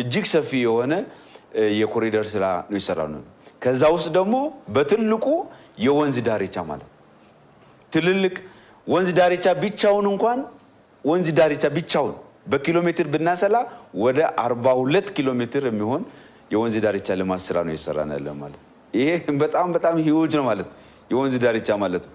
እጅግ ሰፊ የሆነ የኮሪደር ስራ ነው ይሰራ ነው። ከዛ ውስጥ ደግሞ በትልቁ የወንዝ ዳርቻ ማለት ትልልቅ ወንዝ ዳርቻ ብቻውን እንኳን ወንዝ ዳርቻ ብቻውን በኪሎ ሜትር ብናሰላ ወደ 42 ኪሎ ሜትር የሚሆን የወንዝ ዳርቻ ልማት ስራ ነው የሰራን ያለ ማለት ይሄ በጣም በጣም ሂውጅ ነው ማለት የወንዝ ዳርቻ ማለት ነው።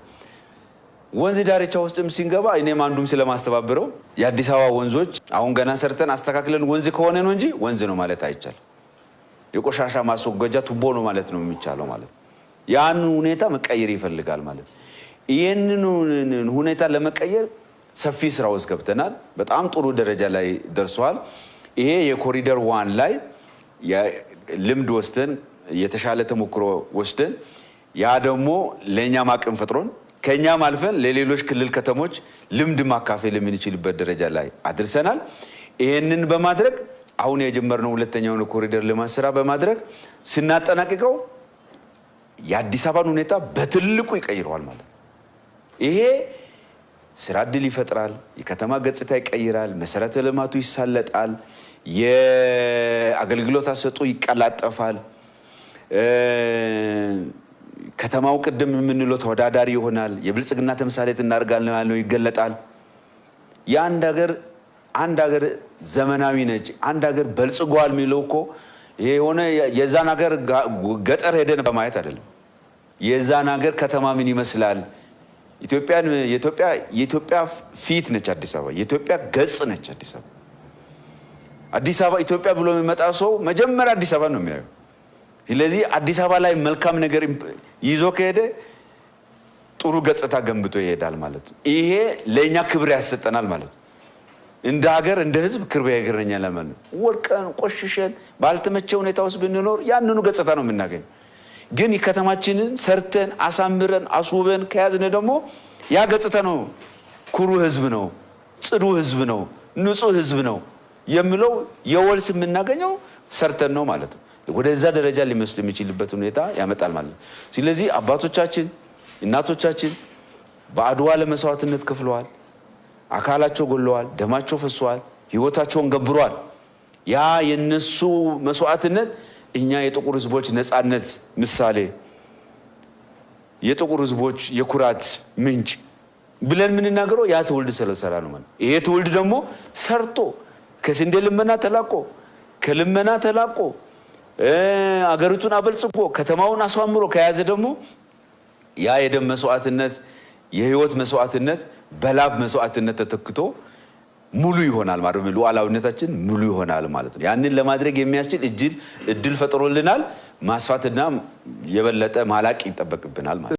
ወንዝ ዳርቻ ውስጥም ሲንገባ እኔም አንዱም ስለማስተባብረው የአዲስ አበባ ወንዞች አሁን ገና ሰርተን አስተካክለን ወንዝ ከሆነ ነው እንጂ ወንዝ ነው ማለት አይቻልም። የቆሻሻ ማስወገጃ ቱቦ ነው ማለት ነው የሚቻለው ማለት ነው። ያን ሁኔታ መቀየር ይፈልጋል ማለት ነው። ይህንን ሁኔታ ለመቀየር ሰፊ ስራ ውስጥ ገብተናል። በጣም ጥሩ ደረጃ ላይ ደርሰዋል። ይሄ የኮሪደር ዋን ላይ ልምድ ወስደን የተሻለ ተሞክሮ ወስደን ያ ደግሞ ለእኛም አቅም ፈጥሮን ከእኛም አልፈን ለሌሎች ክልል ከተሞች ልምድ ማካፈል የምንችልበት ደረጃ ላይ አድርሰናል። ይህንን በማድረግ አሁን የጀመርነው ሁለተኛውን ኮሪደር ልማት ስራ በማድረግ ስናጠናቅቀው የአዲስ አበባን ሁኔታ በትልቁ ይቀይረዋል ማለት ነው። ይሄ ስራ እድል ይፈጥራል፣ የከተማ ገጽታ ይቀይራል፣ መሰረተ ልማቱ ይሳለጣል፣ የአገልግሎት አሰጡ ይቀላጠፋል። ከተማው ቅድም የምንለው ተወዳዳሪ ይሆናል። የብልጽግና ተምሳሌት እናደርጋለን ያለው ይገለጣል። የአንድ ሀገር አንድ ሀገር ዘመናዊ ነች፣ አንድ ሀገር በልጽጓል የሚለው እኮ የሆነ የዛን ሀገር ገጠር ሄደን በማየት አይደለም። የዛን ሀገር ከተማ ምን ይመስላል? ኢትዮጵያን የኢትዮጵያ ፊት ነች አዲስ አበባ፣ የኢትዮጵያ ገጽ ነች አዲስ አበባ። አዲስ አበባ ኢትዮጵያ ብሎ የሚመጣ ሰው መጀመሪያ አዲስ አበባ ነው የሚያየው። ስለዚህ አዲስ አበባ ላይ መልካም ነገር ይዞ ከሄደ ጥሩ ገጽታ ገንብቶ ይሄዳል ማለት ነው። ይሄ ለእኛ ክብር ያሰጠናል ማለት ነው። እንደ ሀገር እንደ ህዝብ ክብር ያገረኛ ለማለት ወድቀን ቆሽሸን ባልተመቸ ሁኔታ ውስጥ ብንኖር ያንኑ ገጽታ ነው የምናገኘው። ግን ከተማችንን ሰርተን አሳምረን አስውበን ከያዝነ ደግሞ ያ ገጽታ ነው። ኩሩ ህዝብ ነው፣ ጽዱ ህዝብ ነው፣ ንጹህ ህዝብ ነው የምለው የወልስ የምናገኘው ሰርተን ነው ማለት ነው። ወደዛ ደረጃ ሊመስሉ የሚችልበት ሁኔታ ያመጣል ማለት ነው። ስለዚህ አባቶቻችን እናቶቻችን በአድዋ ለመስዋዕትነት ከፍለዋል። አካላቸው ጎለዋል፣ ደማቸው ፈሷል፣ ህይወታቸውን ገብረዋል። ያ የነሱ መስዋዕትነት እኛ የጥቁር ህዝቦች ነፃነት ምሳሌ፣ የጥቁር ህዝቦች የኩራት ምንጭ ብለን የምንናገረው ያ ትውልድ ስለሰራ ነው ማለት። ይሄ ትውልድ ደግሞ ሰርቶ ከስንዴ ልመና ተላቆ ከልመና ተላቆ አገሪቱን አበልጽጎ ከተማውን አስዋምሮ ከያዘ ደግሞ ያ የደም መስዋዕትነት የህይወት መስዋዕትነት በላብ መስዋዕትነት ተተክቶ ሙሉ ይሆናል ማለት ነው። ሉዓላዊነታችን ሙሉ ይሆናል ማለት ነው። ያንን ለማድረግ የሚያስችል እድል እድል ፈጥሮልናል። ማስፋትና የበለጠ ማላቅ ይጠበቅብናል ማለት ነው።